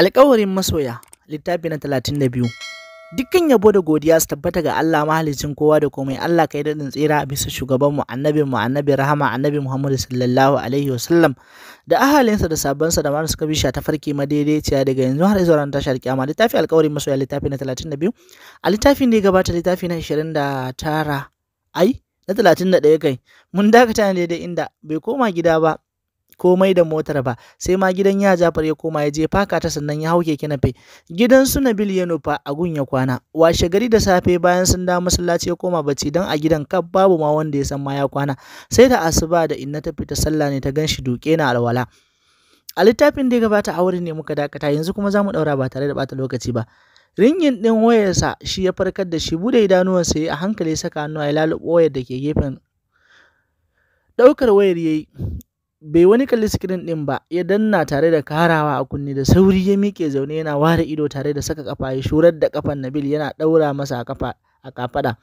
Alƙawarin masoya littafi na talatin da biyu. Dukkan yabo da godiya su tabbata ga Allah mahalicin kowa da komai Allah kai daɗin tsira a bisa shugaban mu annabin mu annabi rahama annabi Muhammadu sallallahu alaihi wasallam da ahalinsa da sabansa da marasa kabisha ta farki madaidaiciya daga yanzu har zuwa ran tashar kiyama littafi alƙawarin masoya littafi na talatin da biyu. a littafin da ya gabata littafi na ishirin da tara ai na talatin da ɗaya kai mun dakata ne daidai inda bai koma gida ba komai da motar ba sai ma gidan ya Jafar ya koma ya je faka ta sannan ya hau keke fe gidan su Nabil ya nufa a gun ya kwana washe gari da safe bayan sun da masallaci ya koma bacci dan a gidan kaf babu ma wanda ya san ma ya kwana sai da asuba da inna ta fita sallah ne ta ganshi duke na alwala a littafin da ya gabata a wurin ne muka dakata yanzu kuma za mu daura ba tare da bata lokaci ba ringin din wayarsa shi ya farkar da shi bude idanuwansa ya a hankali saka hannu ya lalubo wayar da ke gefen daukar wayar yayi bai wani kalli sikirin ɗin ba ya danna tare da karawa a kunne da sauri ya miƙe zaune yana ware ido tare da saka kafa ya shurar da kafan Nabil yana ɗaura masa a kafa kafada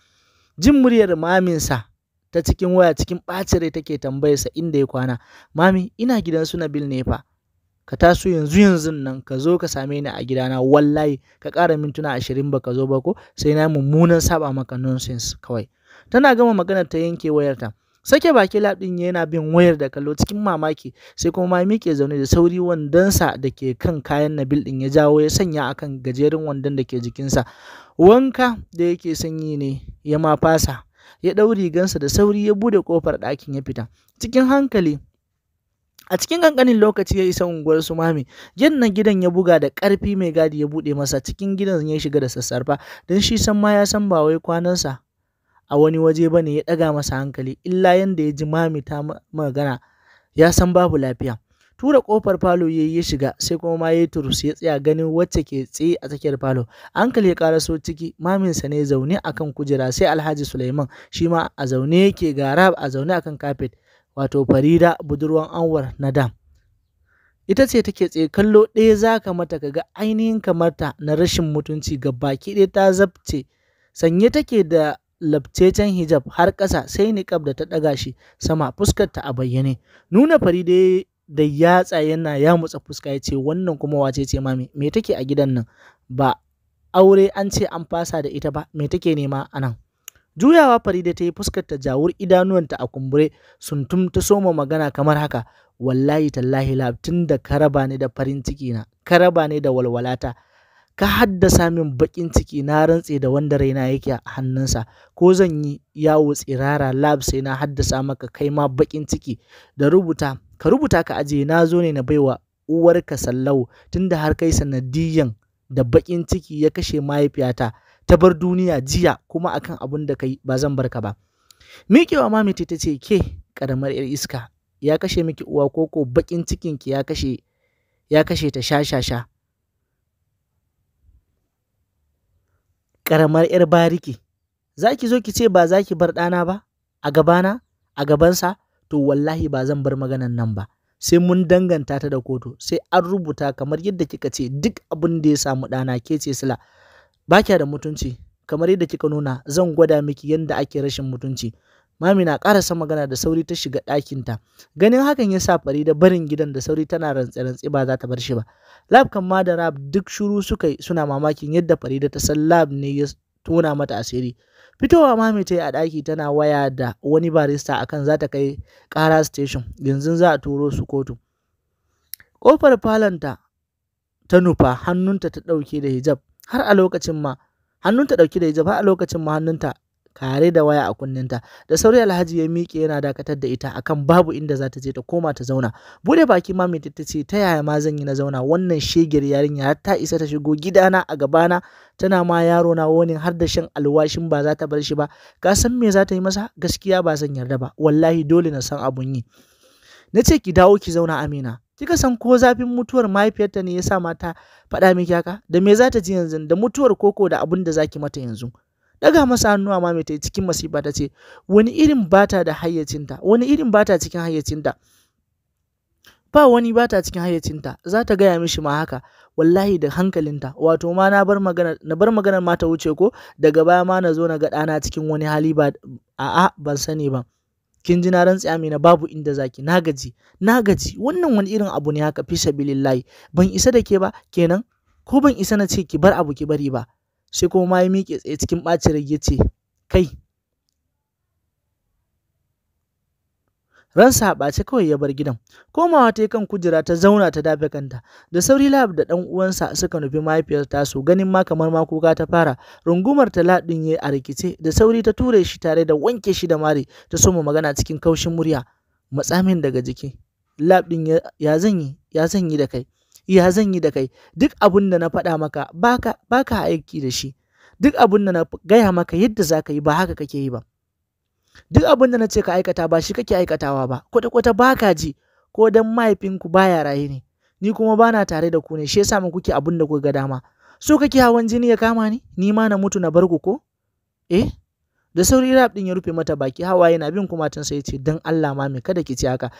jin muryar maminsa ta cikin waya cikin ɓacin rai take tambayarsa inda ya kwana mami ina gidan su Nabil ne fa ka taso yanzu yanzu nan ka zo ka same ni a gidana wallahi ka ƙara mintuna ashirin ba ka zo ba ko sai na mummunan saba maka nonsense kawai tana gama magana ta yanke wayarta sake baki lab yana bin wayar da kallo cikin mamaki sai kuma ma mike zaune da sauri wandonsa da ke kan kayan nabil ɗin ya jawo ya sanya a kan gajerun wandon da ke jikinsa wanka da yake sanyi ne ya ma fasa ya ɗau rigansa da sauri ya buɗe ƙofar ɗakin ya fita cikin hankali a cikin kankanin lokaci ya isa unguwar su mami na gidan ya buga da ƙarfi mai gadi ya buɗe masa cikin gidan ya shiga da sassarfa don shi san ma ya san ba wai kwanansa a wani waje ba ne ya ɗaga masa hankali illa yanda ya ji mami ta magana ya san babu lafiya tura kofar falo yayi ya shiga sai kuma ma ya yi turus ya tsaya ganin wacce ke tsaye a tsakiyar falo hankali ya so ciki maminsa ne zaune a kan kujera sai alhaji suleiman shi ma a zaune yake gara a zaune a kan kafet wato farida budurwan anwar na dam ita ce take tsaye kallo ɗaya za ka mata ka ga ainihin kamarta na rashin mutunci ga baki ɗaya ta zabce sanye take da labcecen hijab har ƙasa sai niƙab da ta ɗaga shi sama fuskarta a bayyane nuna fari da yatsa yana ya mutsa fuska ya ce wannan kuma wace ce mami me take a gidan nan ba aure an ce an fasa da ita ba me take nema a nan juyawa farida ta yi fuskar ta jawur idanuwanta a kumbure tum ta soma magana kamar haka wallahi tallahi lab da karaba ne da farin ciki na karaba ne da walwalata ka haddasa min baƙin ciki na rantse da wanda raina yake a hannunsa ko zan yi yawo tsirara lab sai na haddasa maka kai ma bakin ciki da rubuta ka rubuta ka ajiye na zo ne na baiwa uwarka sallau tunda har kai sanadiyan da baƙin ciki ya kashe mahaifiyata ta bar duniya jiya kuma akan abin da kai ba zan barka ba miƙewa mamiti ta ce ke karamar 'yar iska ya kashe miki uwa koko baƙin cikinki ya kashe ya kashe ta sha sha sha ƙaramar 'yar bariki za ki zo ki ce ba za ki bar ɗana ba a gabana a gabansa to wallahi ba zan bar maganan nan ba sai mun danganta ta da kotu sai an rubuta kamar yadda kika ce duk abin da ya samu ɗana ke ce sila ba da mutunci kamar yadda kika nuna zan gwada miki yadda ake rashin mutunci Mami na ƙarasa magana da sauri ta shiga ɗakinta. Ganin hakan ya sa Farida barin gidan da sauri tana rantse-rantse ba za ta bar shi ba. Lab kan ma da Rab duk shuru suka yi suna mamakin yadda Farida ta san Lab ne ya tona mata asiri. Fitowa Mami ta yi a ɗaki tana waya da wani barista akan za ta kai ƙara station yanzu za a turo su kotu. Ƙofar falonta ta nufa hannunta ta ɗauke da hijab har a lokacin ma hannunta ɗauke da hijab har a lokacin ma hannunta kare da waya a kunninta da sauri alhaji ya miƙe yana dakatar da ita akan babu inda za ta je ta koma ta zauna bude baki ma mai ta ce ta yaya ma zan yi na zauna wannan shegir yarinya har ta isa ta shigo gidana a gabana tana ma yaro na wani har da shan alwashin ba za ta bar shi ba ka san me za ta yi masa gaskiya ba zan yarda ba wallahi dole na san abun yi na ce ki dawo ki zauna amina kika san ko zafin mutuwar mahaifiyarta ne ya sa mata faɗa miki haka da me za ta ji yanzu da mutuwar koko da abun da zaki mata yanzu daga masa hannu a mamaye ta cikin masifa ta ce wani irin bata da hayyacinta wani irin bata cikin hayyacinta ba wani bata cikin hayyacinta za ta gaya mishi ma haka wallahi da hankalinta wato ma na bar magana maganar ma ta wuce ko daga baya ma na zo na ga ɗana cikin wani hali ba a'a ban sani ba kin ji na rantsi amina babu inda zaki na gaji na gaji wannan wani irin abu ne haka fi sabilillahi ban isa da ke ba kenan ko ban isa na ce ki bar abu ki bari ba sai kuma ma ya miƙe tsaye cikin ɓacin rai yace kai ransa a ɓace kawai ya bar gidan komawa ta yi kan kujera ta zauna ta dafe kanta da sauri lab da ɗan uwansa suka nufi mahaifiyar tasu ganin ma kamar ma kuka ta fara rungumar ta laɗin ya a rikice da sauri ta ture shi tare da wanke shi da mari ta soma magana cikin kaushin murya matsamin daga jiki lab ɗin ya zanyi ya zanyi da kai ya zan yi da kai duk abin da na faɗa maka baka baka aiki da shi duk abin da na gaya maka yadda za ka yi ba haka kake yi ba duk abin da na ce ka aikata ba shi kake aikatawa ba kwata kwata baka ji ko dan mahaifinku baya raye ne ni kuma bana tare da ku ne shi yasa mun kuke abin da kuka ga dama so kake hawan jini ya kama ni ni ma na mutu na bar ku ko eh da sauri rap din ya rufe mata baki hawaye na bin kuma tun sai ya ce dan Allah ma me kada ki ci haka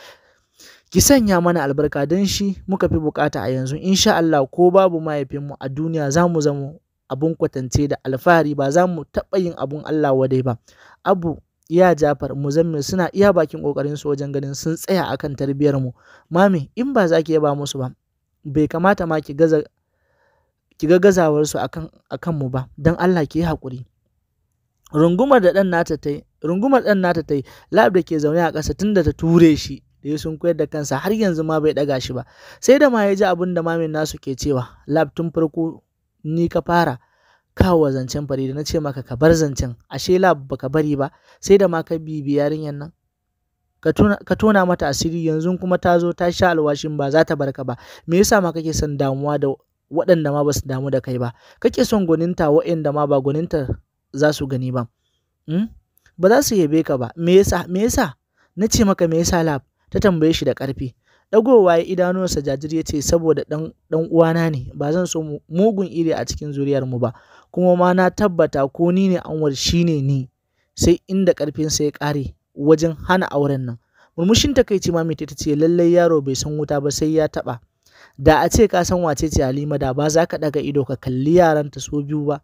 ki sanya mana albarka don shi muka fi bukata a yanzu insha Allah ko babu mahaifinmu a duniya za mu zama abun kwatance da alfahari ba za mu taɓa yin abun Allah wadai ba abu ya jafar muzammil suna iya bakin kokarin su wajen ganin sun tsaya akan tarbiyar mu mami in ba za ki yaba musu ba bai kamata ma ki gaza ki ga gazawar su akan akan mu ba dan Allah ki yi hakuri rungumar da dan nata tai rungumar ɗan nata ta lab da ke zaune a ƙasa tun da ta ture shi ya eh, sun koyar da kansa har yanzu ma bai daga shi ba sai da ma ya ji abin da mamin nasu ke cewa lab tun farko ni ka fara kawo zancen fari. Da na ce maka ka bar zancen ashe lab baka bari ba sai da ma ka bibi yarinyar nan ka tona mata asiri yanzu kuma ta zo ta sha alwashin ba za ta barka ba me yasa ma kake son damuwa da waɗanda ma ba su damu da kai ba kake son gwaninta waɗanda ma ba gwaninta za su gani ba hmm? ba za su yabe ka ba me yasa me yasa na ce maka me yasa lab ta tambaye shi da ƙarfi ɗagowa ya idanuwarsa jajir ya ce saboda ɗan uwana ne ba zan so mugun iri a cikin zuriyarmu ba kuma ma na tabbata ko ni ne anwar shi ne ni sai inda ƙarfinsa ya ƙare wajen hana auren nan murmushin takaici ma ta ce lallai yaro bai san wuta ba sai ya taɓa da a ce ka san wace ce halima da ba za ka ɗaga ido ka kalli yaranta so biyu ba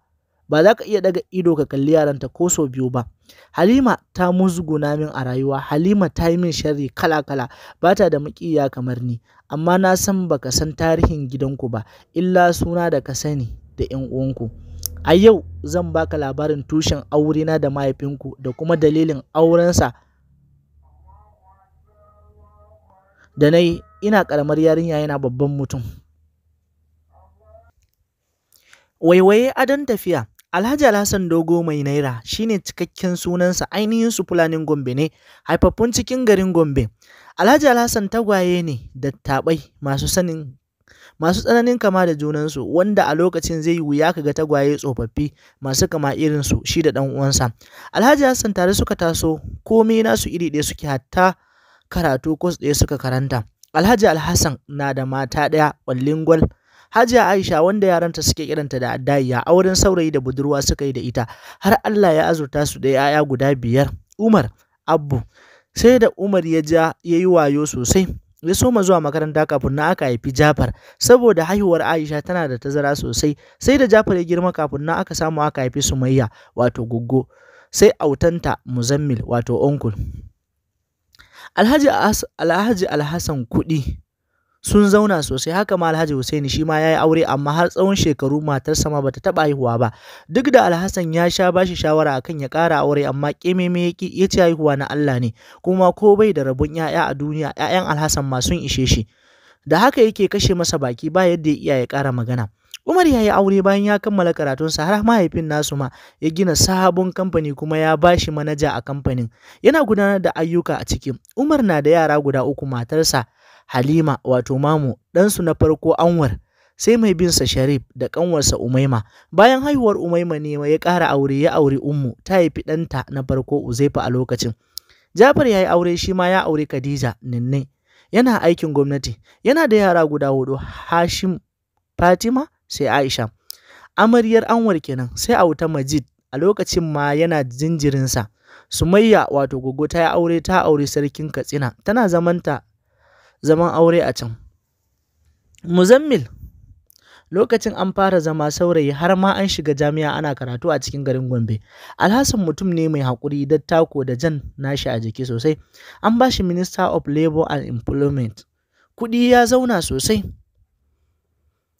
ba za ka iya daga ido ka kalli yaranta ko sau biyu ba halima ta musguna min a rayuwa halima ta yi min sharri kala kala ba ta da muƙiya kamar ni amma na san baka san tarihin gidanku ba illa suna da ka sani da yan uwanku a yau zan baka labarin tushen aure na da mahaifinku da kuma dalilin aurensa da na yi ina karamar yarinya yana babban mutum waiwaye adon tafiya Alhaji Alhassan Dogo Mai Naira shine cikakken sunansa ainihin su Fulanin Gombe ne, haifaffun cikin garin Gombe. Alhaji Alhassan tagwaye ne da taɓai masu sanin masu tsananin kama da junansu wanda a lokacin zai wuya kaga tagwaye tsofaffi masu kama irinsu shi da ɗan uwansa. Alhaji Hassan tare suka taso komai nasu iri ɗaya suke hatta karatu kos ɗaya suka karanta. Alhaji Alhassan na da mata ɗaya ƙwallin gwal. Hajiya Aisha wanda yaranta suke kiranta da addayya auren saurayi da budurwa suka yi da ita har Allah ya azurta su da 'ya'ya guda biyar Umar abu, sai da Umar ya ja ya yi wayo sosai ya soma zuwa makaranta kafin na aka haifi Jafar saboda haihuwar Aisha tana da tazara sosai sai da Jafar ya girma kafin na aka samu aka haifi Sumayya wato goggo sai autanta Muzammil wato onkul Alhaji Alhaji Alhassan kuɗi sun zauna sosai haka ma Alhaji Hussaini shi ma yayi aure amma har tsawon shekaru matarsa ma bata taba haihuwa ba duk da Alhassan ya sha bashi shawara akan ya ƙara aure amma kememe yaki yace haihuwa na Allah ne kuma ko bai da rabon 'ya'ya a duniya 'ya'yan Alhassan ma sun ishe shi da haka yake kashe masa baki ba yadda ya iya ya ƙara magana Umar ya yi aure bayan ya kammala karatun sa, har mahaifin nasu ma ya gina sabon kamfani kuma ya bashi shi manaja a kamfanin. Yana gudanar da ayyuka a cikin. Umar na da yara guda uku matarsa Halima wato Mamu, ɗansu na farko Anwar, sai mai bin sa Sharif da ƙanwarsa Umaima. Bayan haihuwar Umaima ne ya ƙara aure ya auri Ummu ta haifi ɗanta na farko Uzaifa a lokacin. Jafar ya yi aure shi ma ya auri Khadija Ninne. Yana aikin gwamnati, yana da yara guda hudu Hashim, Fatima sai Aisha. Amaryar Anwar kenan sai auta Majid a lokacin ma yana jinjirinsa. Sumayya wato gogo ta aure ta aure sarkin Katsina tana zamanta zaman aure a can. Muzammil lokacin an fara zama saurayi har ma an shiga jami'a ana karatu a cikin garin Gombe. Alhassan mutum ne mai haƙuri da tako da jan nashi a jiki sosai. An ba shi Minister of Labour and Employment. Kuɗi ya zauna sosai.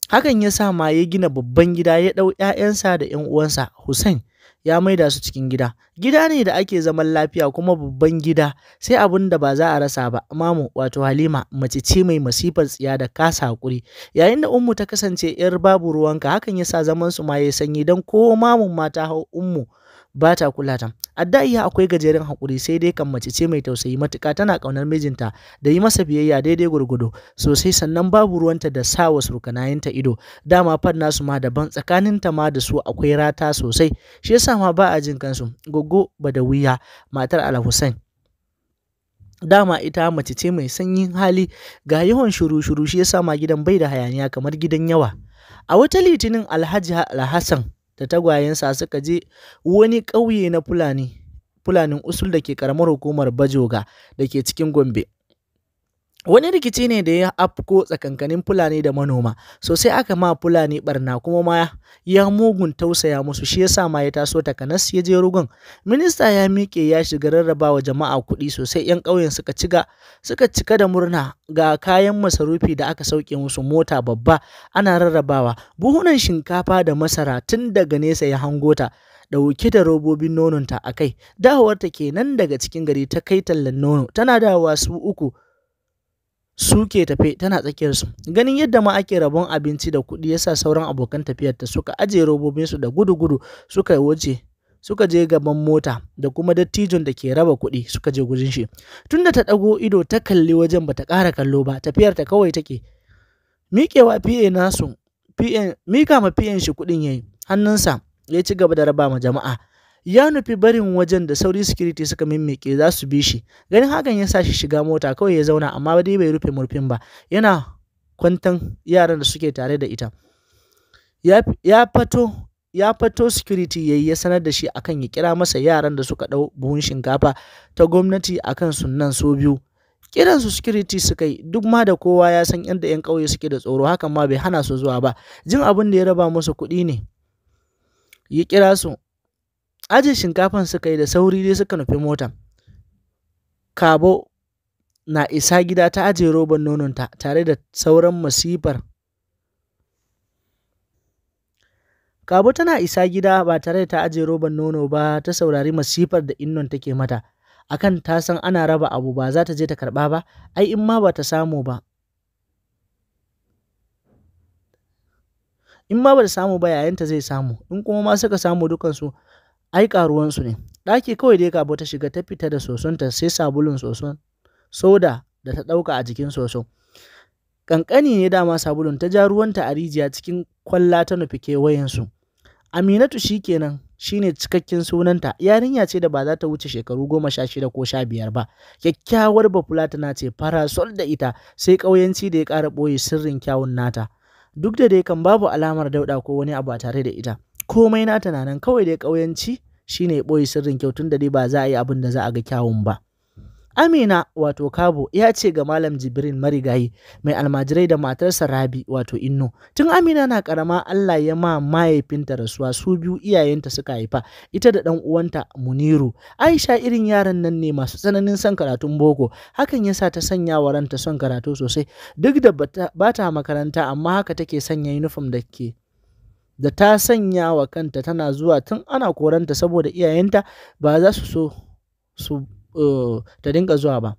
Hakan ya sa ma ya gina babban gida ya ɗau ‘ya'yansa da ‘yan uwansa Hussein ya maida su cikin gida. Gida ne da ake zaman lafiya kuma babban gida sai abin da ba za a rasa ba. Mamu wato Halima mace ce mai masifar tsiya da kasa hakuri. Yayin da Ummu ta kasance ‘yar babu ruwanka hakan yasa zaman su ma ya sanyi dan ko mamun ma ta hau Ummu ba ta kula ta iya akwai gajeren hakuri sai dai kan mace ce mai tausayi matuka tana kaunar mijinta da yi masa biyayya daidai gurgudo sosai sannan babu ruwanta da sawa wa ta ido dama fad nasu ma daban tsakanin ta ma da su akwai rata sosai shi yasa ma ba a jin kansu goggo badawiya matar alhussein dama ita mace ce mai sanyin hali ga yawan shuru-shuru shi yasa ma gidan bai da hayaniya kamar gidan yawa a wata litinin alhaji alhassan da tagwayensa suka je wani ƙauye na Fulani Fulanin Usul da ke ƙaramar hukumar Bajoga da ke cikin Gombe. wani rikici ne da ya afko tsakankanin fulani da manoma sosai aka ma fulani barna kuma ma ya mugun tausaya musu shi yasa ma ya taso takanas ya je rugun minista ya miƙe ya shiga rarrabawa jama'a kuɗi sosai yan ƙauyen suka ciga suka cika da murna ga kayan masarufi da aka sauke musu mota babba ana rarrabawa buhunan shinkafa da masara tun daga nesa ya hango ta. ɗauke da robobin nononta a kai dawowarta kenan daga cikin gari ta kai tallan nono tana dawowa su uku su ke tafe tana tsakiyarsu ganin yadda ma ake rabon abinci da kuɗi yasa sauran abokan tafiyarta suka ajiye robobinsu da gudu-gudu suka wuce suka je gaban mota da kuma dattijon da ke raba kuɗi suka je gurin shi tunda ta ɗago ido ta kalli wajen bata ƙara kallo ba tafiyar ta kawai take miƙewa PA nasu mika ma shi kuɗin yayi hannunsa ya ci gaba da raba ma jama'a ya nufi barin wajen da sauri security suka mimmike za su bi shi ganin hakan ya sa shi shiga mota kawai ya zauna amma dai bai rufe murfin ba yana kwantan yaran da suke tare da ita ya fato ya fato security ya yi ya sanar da shi akan ya kira masa yaran da suka dau buhun shinkafa ta gwamnati akan sunan su biyu kiran su security suka yi duk ma da kowa ya san yadda 'yan kauye suke da tsoro hakan ma bai hana su zuwa ba jin abin da ya raba musu kuɗi ne ya kira su aje shinkafan suka yi da sauri dai suka nufi motan kabo na isa gida ta aje roban nononta tare da sauran masifar kabo tana isa gida ba tare da ta aje roban nono ba ta saurari masifar da innon take mata akan ta san ana raba abu ba za ta je ta karba ba ai in ma ba ta samu ba in ma ba ta samu ba yayin ta zai samu in kuma ma suka samu dukansu ai ƙaruwansu ne ɗaki kawai dai kabo ta shiga ta fita da sosonta sai sabulun soson soda da ta ɗauka a jikin soson. ƙanƙani ne dama sabulun ta ja ruwanta a rijiya cikin kwalla ta nufi kewayensu aminatu shi kenan shine cikakken sunanta yarinya ce da ba za ta wuce shekaru goma sha shida ko sha biyar ba kyakkyawar bafula tana ce farasol da ita sai ƙauyanci da ya ƙara ɓoye sirrin kyawun nata duk da dai kan babu alamar dauɗa ko wani abu a tare da ita komai nata na nan kawai dai ƙauyanci shine ya ɓoye sirrin kyau tun da dai ba za a yi abin da za a ga kyawun ba. Amina wato Kabo ya ce ga Malam Jibrin marigayi mai almajirai da matarsa Rabi wato Inno. Tun Amina na karama Allah ya ma mahaifinta rasuwa su biyu iyayenta suka haifa ita da ɗan uwanta Muniru. Aisha irin yaran nan ne masu tsananin son karatun boko hakan ya sa ta sanya wa ranta son karatu sosai duk da bata, bata makaranta amma haka take sanya uniform da ke da ta sanya wa kanta tana zuwa tun ana koranta saboda iyayenta ba za su so su eh, ta dinga zuwa ba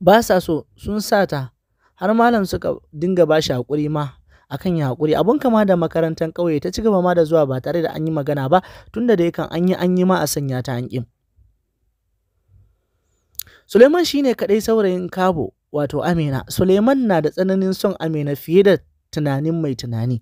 ba sa so sun sa ta har malam suka dinga ba shi haƙuri ma akan ya haƙuri abun kama da makarantar ƙauye ta ci gaba ma da zuwa ba tare da an yi magana ba tunda da yakan an yi an yi ma a sanya ta an ƙin Suleiman shine kaɗai saurayin Kabo wato Amina. Suleiman na da tsananin son Amina fiye da tunanin mai tunani.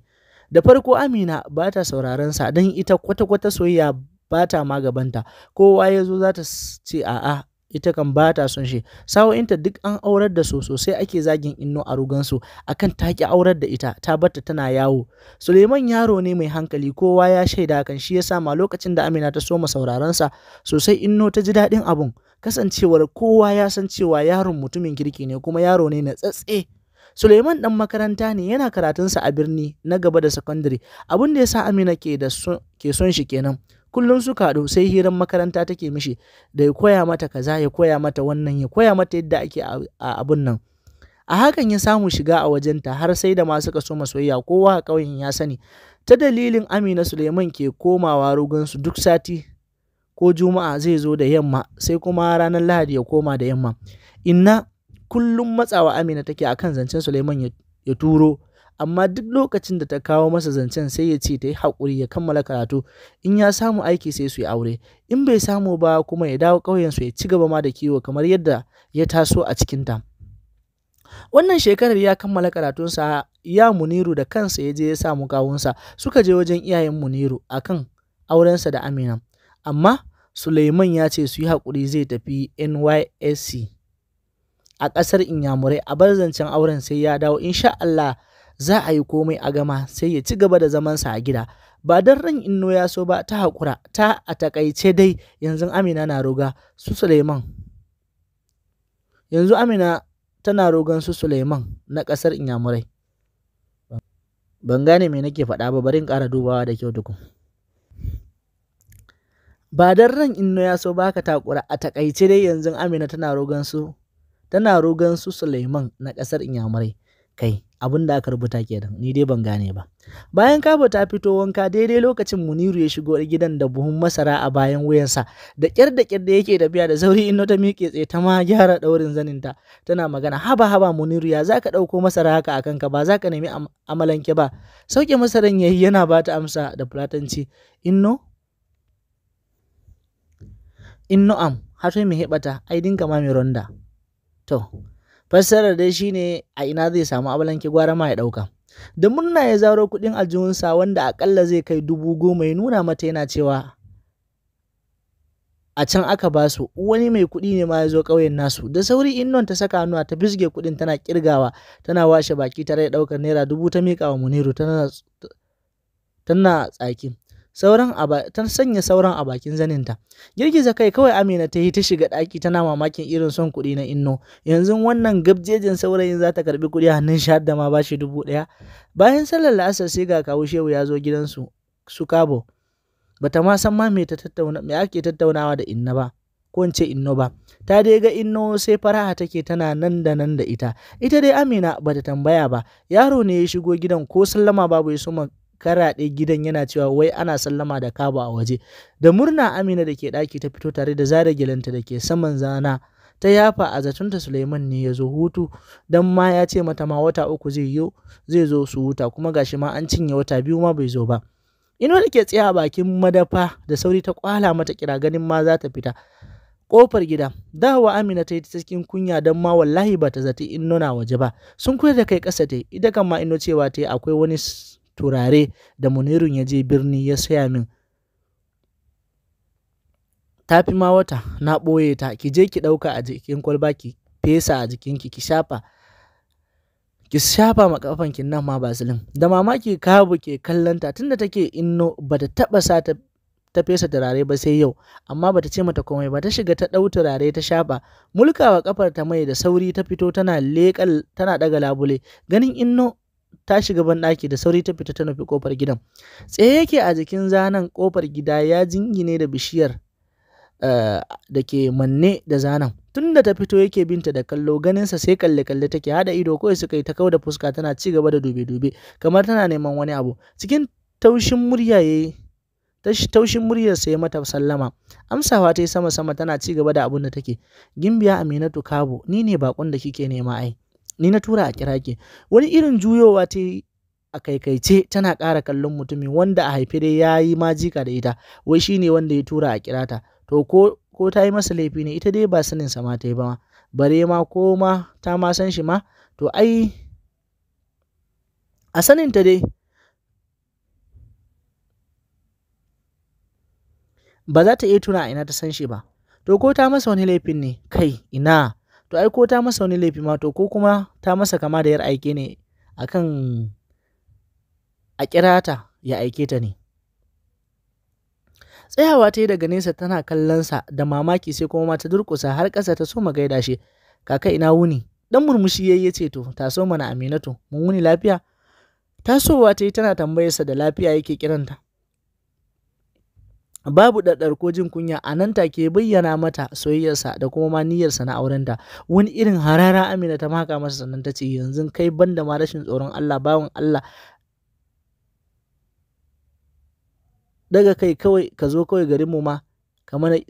da farko amina ba ta sauraron sa don ita kwata-kwata soyayya ba ta ma gabanta kowa ya zo za ta ce a'a ita kan ba ta son shi sawo'inta duk an aurar da su sosai ake zagin inno a rugansu akan ki aurar da ita ta batta tana yawo suleiman yaro ne mai hankali kowa ya shaida kan shi yasa ma lokacin da amina ta soma sauraron sa sosai inno ta ji daɗin abun kasancewar kowa ya san cewa yaron mutumin kirki ne kuma yaro ne na tsatse Suleiman ɗan makaranta ne yana karatunsa a birni na gaba da sakandare abin da ya sa Amina ke da ke son shi kenan. Kullum suka haɗu sai hirar makaranta take mishi da ya koya mata kaza ya koya mata wannan ya koya mata yadda ake a abun nan. a hakan ya samu shiga a wajenta har sai da masu kaso soyayya, kowa a ƙauyen ya sani ta dalilin amina suleiman ke komawa rugansu duk sati ko juma'a zai zo da yamma sai kuma ranar lahadi ya koma da yamma inna kullum matsawa Amina take akan zancen Suleiman ya turo amma duk lokacin da ta kawo masa zancen sai ya ce ta yi haƙuri ya kammala karatu in ya samu aiki sai su yi aure in bai samu ba kuma ya dawo ƙauyensu ya ci gaba ma da kiwo kamar yadda ya taso a cikin ta wannan shekarar ya kammala karatunsa ya muniru da kansa ya je ya samu kawunsa suka je wajen iyayen muniru akan aurensa da amina amma suleiman ya ce su yi haƙuri zai tafi nysc a ƙasar inyamurai a bar zancen auren sai ya dawo insha Allah za a yi komai a gama sai ya ci gaba da zamansa a gida ba don ran inno ya so ba ta haƙura ta a takaice dai yanzu amina na roga su suleiman yanzu amina tana rogan su suleiman na ƙasar inyamurai ban gane me nake faɗa ba barin ƙara dubawa da kyau tukun ba don ran inno ya so ba ka takura a takaice dai yanzu amina tana rogan su tana rogon su Suleiman na ƙasar Inyamurai. Kai, abin da aka rubuta kenan, ni dai ban gane ba. Bayan Kabo ta fito wanka daidai lokacin Muniru ya shigo gidan da buhun masara a bayan wuyansa, da kyar da kyar da yake da biya da sauri inno ta miƙe tsaye ta ma gyara zanin zaninta. Tana magana, haba haba Muniru ya za ka ɗauko masara haka akan kanka ba za nemi am amalanke ba. Sauke masaran yayi yana ba ta amsa da fulatanci. Inno, inno am har sai mu ai dinka ma mi ronda To, fassarar dai shine a ina zai samu abalanke gwara ma ya ɗauka. Da murna ya zaro kuɗin aljihunsa wanda akalla zai kai dubu goma ya nuna mata yana cewa a can aka ba su wani mai kuɗi ne ma ya zo ƙauyen nasu da sauri innon ta saka hannuwa ta bisge kuɗin tana kirgawa tana washe baki tare da ɗaukar naira dubu ta miƙa wa muniru tana tana tsaki sauran a ta sanya sauran a bakin zaninta girgiza kai kawai amina ta yi ta shiga ɗaki tana mamakin irin son kuɗi na inno yanzu wannan gabjejin saurayin za ta karbi kuɗi hannun shi da ma bashi dubu ɗaya bayan sallar la'asar sai ga kawu shehu ya zo gidansu su kabo bata ma san ma me ta tattauna me ake tattaunawa da inna ba ko in ce inno ba ta dai ga inno sai faraha take tana nan da nan da ita ita dai amina bata tambaya ba yaro ne ya shigo gidan ko sallama babu ya suma. karaɗe gidan yana cewa wai ana sallama da kaba a waje da murna amina da ke daki ta fito tare da zare gilanta da ke saman zana ta yafa a zatunta suleiman ne ya zo hutu don ma ya ce mata ma wata uku zai yi zai zo su huta kuma ga shi ma an cinye wata biyu ma bai zo ba ino da ke tsaye a bakin madafa da sauri ta kwala mata kira ganin ma za ta fita kofar gida dawa amina ta yi cikin kunya don ma wallahi ba ta zati in nuna waje ba sun koyar da kai kasa ta yi ita kan ma ino cewa ta yi akwai wani turare da munirun ya je birni ya saya min Tafi ma wata na ɓoye ta ki je ki ɗauka a jikin kwalba ki fesa a jikinki ki shafa ki shafa ma kafanki nan ma basilin da mamaki kabu ke kallanta tunda take inno bata taba sa ta ta fesa turare ba sai yau amma bata ce mata komai ba ta shiga ta ɗau turare ta shafa mulkawa kafar ta mai da sauri ta fito tana leƙal tana daga labule ganin inno ta shiga banɗaki da sauri ta fita ta nufi kofar gidan tsaye yake a jikin zanen kofar gida ya jingine da bishiyar eh, da ke manne da zanen Tunda ta fito yake binta da kallo ganinsa sai kalle kalle take hada ido kawai suka yi ta kau da fuska tana ci gaba da dube dube kamar tana neman wani abu cikin taushin murya yayi taushin muryar sai mata sallama amsawa ta yi sama sama tana ci gaba da abun da take gimbiya aminatu kabo ni ne bakon da kike nema ai ni na tura a kira ki wani irin juyowa ta a kaikaice tana ƙara kallon mutumin wanda a haife dai ya yi majika da ita wai shine wanda ya tura a kira ta to ko ko ta yi masa laifi ne ita dai ba sanin sa ma ta yi ba ma bare ma ko ma ta ma san shi ma to ai a sanin ta dai ba za ta iya tuna ina ta san shi ba to ko ta masa wani laifin ne kai ina to ai ko ta masa wani laifi ma to ko kuma ta masa kama da yar aike ne akan a kira ya aike ta ne tsayawa ta yi daga nesa tana kallonsa da mamaki sai kuma ta durkusa har ƙasa ta so gaida shi kaka ina wuni dan murmushi yayi yace to ta so mana aminatu mun wuni lafiya tasowa ta yi tana tambayarsa da lafiya yake kiranta babu ɗaɗɗar ko jin kunya a nan take bayyana mata soyayyarsa da kuma ma niyyarsa na aurenta wani irin harara amina ta maka masa sannan ta ce yanzu kai banda ma rashin tsoron Allah bawan Allah daga kai kawai ka zo kawai garin mu ma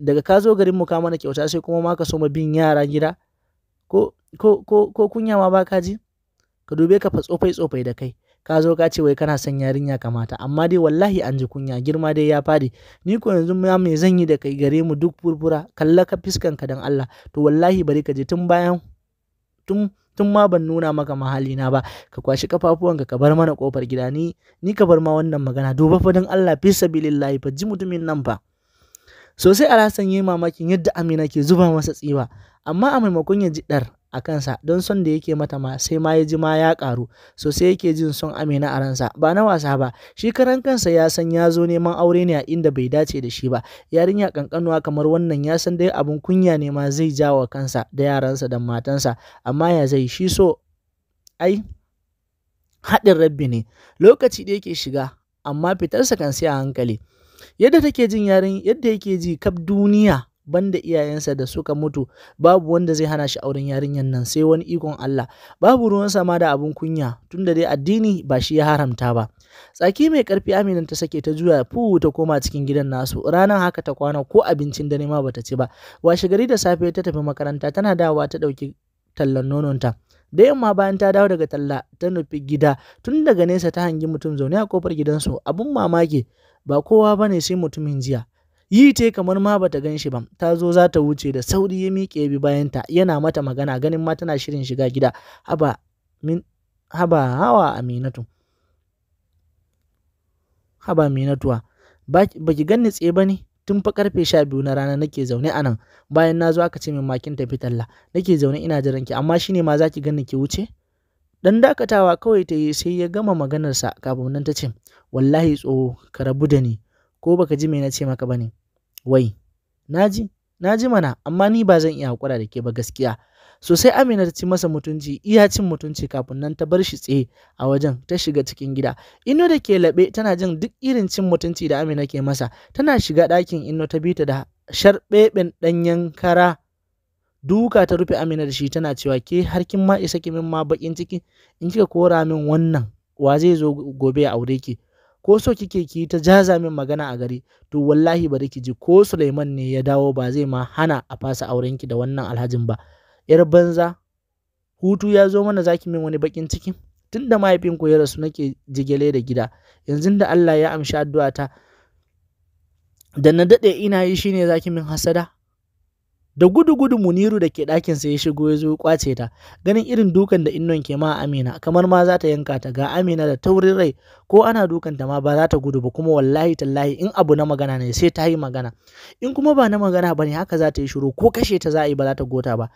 daga ka zo garin ka mana kyauta sai kuma ma ka so ma bin yara gida ko ko ko ko kunya ma baka ji ka dube ka fa tsofai tsofai da kai ka zo ka ce wai kana son yarinya kamata amma dai wallahi an ji kunya girma dai ya fadi ni ko yanzu ma me zan yi da kai gare mu duk furfura kalla ka fiskan ka dan Allah to wallahi bari ka je tun bayan tun tun ma ban nuna maka mahali na ba ka kwashi kafafuwan ka bar mana kofar gida ni ni ka bar ma wannan magana duba fa dan Allah fi sabilillahi fa ji mutumin nan ba. sosai alhassan yayi mamakin yadda amina ke zuba masa tsiwa amma a maimakon ya ji dar a kansa don son da yake mata ma sai ma ya ji ma ya karu so sai yake jin son amina a ransa ba na wasa ba shi karan kansa ya san ya zo neman aure ne a inda bai dace da shi ba yarinya kankanuwa kamar wannan ya san dai abun kunya ne ma zai jawo kansa da yaransa da matansa amma ya zai shi so ai haɗin rabbi ne lokaci da yake shiga amma fitarsa kan sai a hankali yadda take jin yarin yadda yake ji kab duniya banda iyayensa da suka mutu babu wanda zai hana shi auren yarinyar nan sai wani ikon Allah babu ruwan sama da abun kunya tunda dai addini ba shi ya haramta ba tsaki mai karfi aminan ta sake ta juya fu ta koma cikin gidan nasu ranar haka ta kwana ko abincin da nema bata ci ba washe gari da safe ta tafi makaranta tana dawa ta dauki tallan nononta da yamma bayan ta dawo daga talla ta nufi gida tun daga nesa ta hangi mutum zaune a kofar gidansu abun mamaki ba kowa bane sai mutumin jiya yi ta kamar ma bata gan shi ba ta zo za ta wuce da sauri ya miƙe bi bayanta yana mata magana ganin ma tana shirin shiga gida haba min haba hawa aminatu haba aminatuwa ba ki ganni tse ba ne tun fa karfe sha biyu na rana nake zaune anan. bayan na zo aka ce min makin tafi talla nake zaune ina jiran ki amma shine ma zaki ganni ki wuce dan dakatawa kawai ta yi sai ya gama maganarsa kafin nan ta ce wallahi tsoho ka rabu da ni ko baka ji me na ce maka bane Wai, naji ji, mana, amma ni ba zan iya hakura da ke ba gaskiya. Sosai Amina ta ci masa mutunci, iya cin mutunci kafin nan ta bar shi tsaye a wajen ta shiga cikin gida. Inno da ke laɓe tana jin duk irin cin mutunci da Amina ke masa, tana shiga ɗakin ino ta bi ta da sharɓeɓen ɗanyen kara. Duka ta rufe Amina da shi tana cewa ke har kin ma isa ki min ma bakin ciki in kika kora min wannan wa zai zo gobe ya aure ki. ko so kike ki ta jaza min magana a gari to wallahi bari ki ji ko Sulaiman ne ya dawo ba zai ma hana a fasa auren ki da wannan alhajin ba yar banza hutu ya zo mana zaki min wani bakin ciki tunda mahaifinku ya rasu nake jigile da gida yanzu da Allah ya amshi addu'ata da na dade ina yi shine zaki min hasada da gudu-gudu Muniru da ke ɗakinsa ya shigo ya zo kwace ta ganin irin dukan da innon ke ma Amina kamar ma za ta yanka ta ga Amina da taurin rai ko ana dukan ta ma ba za ta gudu ba kuma wallahi tallahi in abu na magana ne sai ta yi magana in kuma ba na magana ba ne haka za ta yi shiru ko kashe ta za a yi ba za ta gota ba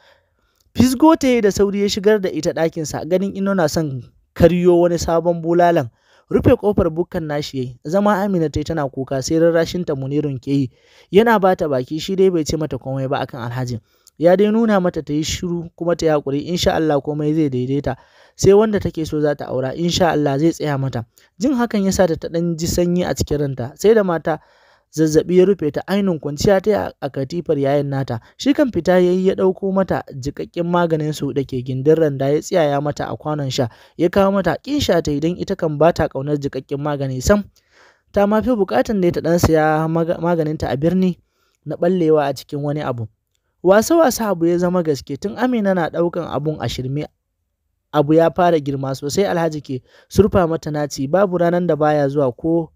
fisgo ta yi da sauri ya shigar da ita ɗakinsa ganin inno son karyo wani sabon bulalan rufe kofar bukkan nashi yayi zama amina tai tana kuka sai rarrashin ta munirun ke yi yana bata baki shi dai bai ce mata komai ba akan alhaji. ya dai nuna mata ta yi shiru kuma ta yakuri insha Allah komai zai daidaita sai wanda take so za ta aura insha Allah zai tsaya mata jin hakan yasa sa ta dan ji sanyi a cikin ranta sai da mata zazzabi ya rufe ta ainihin kwanciya ta a katifar yayin nata shi kan fita yayi ya ɗauko mata jikakken maganin su da ke gindin randa ya tsiyaya mata a kwanon sha ya kawo mata kin sha ta idan ita kan ba ta ƙaunar jikakken magani sam ta ma fi buƙatan da ta ɗan siya maganinta a birni na ɓallewa a cikin wani abu wasa wasa abu ya zama gaske tun amina na ɗaukan abun a shirme abu ya fara girma sosai alhaji ke surfa mata naci babu ranar da baya zuwa ko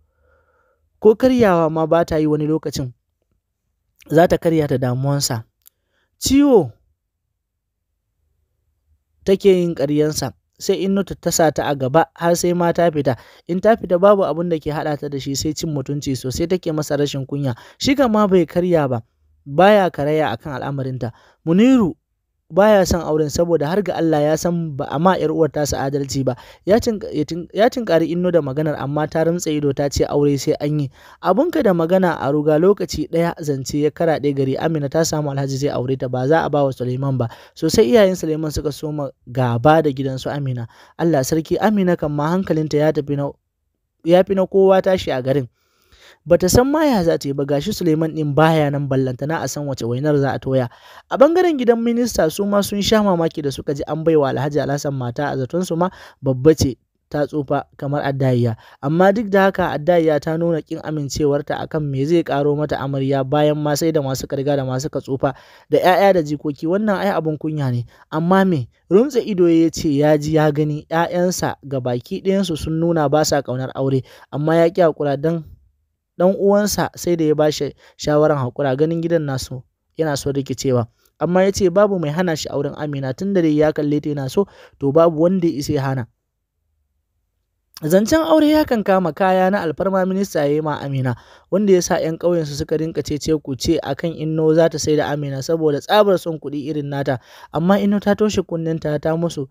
ko karyawa ma ba ta yi wani lokacin za ta karya ta damuwansa ciwo take yin karyansa sai in ta sa ta a gaba har sai ma ta fita in ta fita babu abin da ke haɗa ta da shi sai cin mutunci sosai take masa rashin kunya shi kama bai karya ba baya karaya akan al'amarinta muniru baya son auren saboda har ga Allah ya san ba a ma yar uwar tasa adalci ba ya tinkari inno da maganar amma ta rantsa ido ta ce aure sai an yi abun ka da magana a ruga lokaci daya zance ya kara karaɗe gari Amina ta samu Alhaji zai aure ta ba za a ba wa Suleiman ba sosai iyayen Suleiman suka soma gaba da gidansu Amina Allah sarki Amina kan ma hankalinta ya tafi na ya fi na kowa tashi a garin bata san ma ya za ta yi ba gashi Suleiman din baya nan ballantana a san wace wainar za a toya a bangaren gidan minista su ma sun sha mamaki da suka ji an baiwa Alhaji Alhassan mata a zaton su ma babba ce ta tsufa kamar addayya amma duk da haka addayya ta nuna kin amincewarta akan me zai karo mata amarya bayan ma sai da masu karga da masu ka tsufa da 'ya'ya da jikoki wannan ai abin kunya ne amma me runtsa ido ya ce ya ji ya gani 'ya'yansa ga baki ɗayansu sun nuna ba sa ƙaunar aure amma ya ƙi hakura don dan uwansa sai da ya bashi shawaran hakura ganin gidan nasu yana so rikicewa amma ya ce babu mai hana shi auren amina tun da ya kalle ta yana so to babu wanda ya isa ya hana zancen aure ya kan kama kaya na alfarma minista ya yi ma amina wanda yasa sa 'yan ƙauyensu suka rinka cece ku ce akan inno za ta sai da amina saboda tsabar son kuɗi irin nata amma inno ta toshe kunnenta ta musu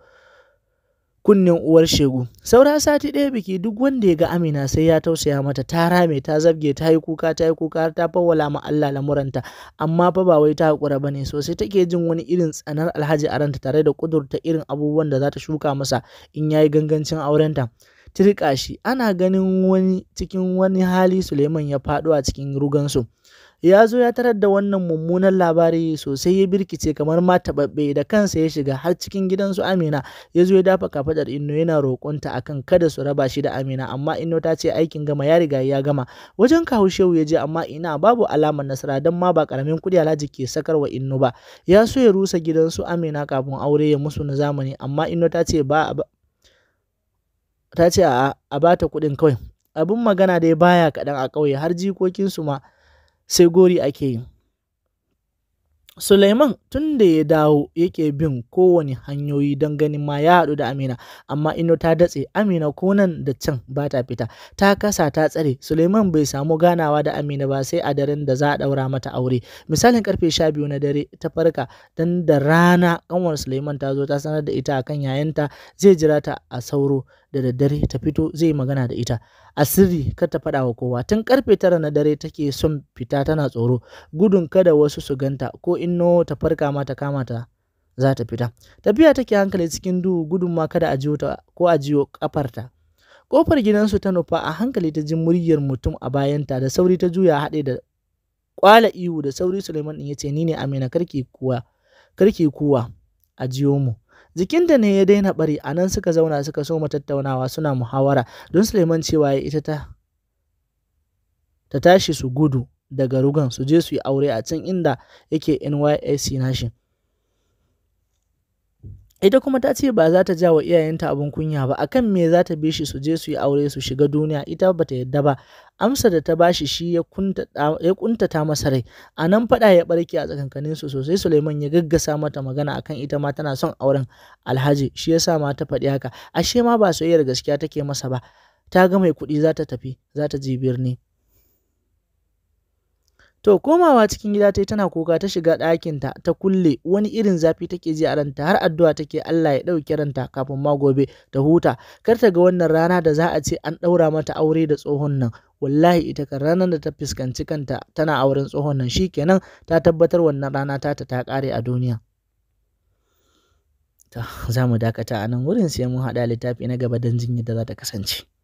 kunnen uwar shegu saura sati ɗaya biki duk wanda ya ga amina sai ya tausaya mata ta rame ta zabge ta yi kuka ta yi kuka ta fawwala ma Allah lamuranta amma fa ba wai ta hakura bane sosai take jin wani irin tsanar alhaji a ranta tare da kudurta irin abubuwan da za ta shuka masa in yayi gangancin aurenta tirka shi ana ganin wani cikin wani hali Suleiman ya faɗo a cikin rugansu ya zo ya tarar da wannan mummunan labari sosai ya birkice kamar ma taɓaɓɓe da kansa ya shiga har cikin gidansu Amina ya zo ya dafa kafadar Inno yana roƙonta akan kada su raba shi da Amina amma Inno ta ce aikin gama ya riga ya gama wajen kawo Shehu ya je amma ina babu alamar nasara don ma ba karamin kuɗi Alhaji ke sakar wa Inno ba ya so ya rusa gidansu Amina kafin aure ya musu na zamani amma Inno ta ce ba ta ce a bata kuɗin kawai abin magana dai baya kaɗan a ƙauye har jikokinsu ma sai gori ake yi. Suleiman tun da ya dawo yake bin kowane hanyoyi don ganin ma ya haɗu da Amina, amma ino ta datse Amina ko nan da can ba ta fita, ta kasa ta tsare, Suleiman bai samu ganawa da Amina ba sai a daren da za a ɗaura mata aure. Misalin karfe sha biyu na dare ta farka don da rana ƙanwar Suleiman ta zo ta sanar da ita akan yayanta zai jira ta a sauro. da daddare ta fito zai magana da ita asiri kar ta faɗa wa kowa tun karfe tara na dare take son fita tana tsoro gudun kada wasu su ganta ko inno ta farka ma kama ta za ta fita tafiya take hankali cikin duhu gudun ma kada a jiyo ta ko a jiyo kafarta kofar gidansu ta nufa a hankali ta ji muryar mutum a bayanta da sauri ta juya haɗe da kwala ihu da sauri suleiman ɗin ya ce ni ne amina karki kuwa karki kuwa a jiyo mu jikinta ne ya daina bari a nan suka zauna suka so tattaunawa suna muhawara don suleiman cewa ya ita ta ta tashi su gudu daga rugan su je su yi aure a can inda yake nysc nashi ita kuma ta ce ba za ta ja wa iyayenta abin kunya ba akan me za ta bi shi su je su yi aure su shiga duniya ita ba ta yadda ba amsa da ta bashi shi ya kuntata masa rai a nan faɗa ya barke a tsakankanin su sosai Suleiman ya gaggasa mata magana akan ita ma tana son auren Alhaji shi yasa ma ta faɗi haka ashe ma ba soyayyar gaskiya take masa ba ta ga mai kuɗi za ta tafi za ta je birni To komawa cikin gida yi tana koka ta shiga ɗakinta ta kulle wani irin zafi take ji a ranta har addu'a take Allah ya ɗauki ranta kafin ma gobe ta huta kar ta ga wannan rana da za a ce an ɗaura mata aure da tsohon nan wallahi ita kan ranar da ta fuskanci kanta tana auren tsohon nan Shi shikenan ta tabbatar wannan rana ta ta ƙare a duniya. za mu dakata a nan wurin sai mun haɗa littafi na gaba don jin da za ta kasance.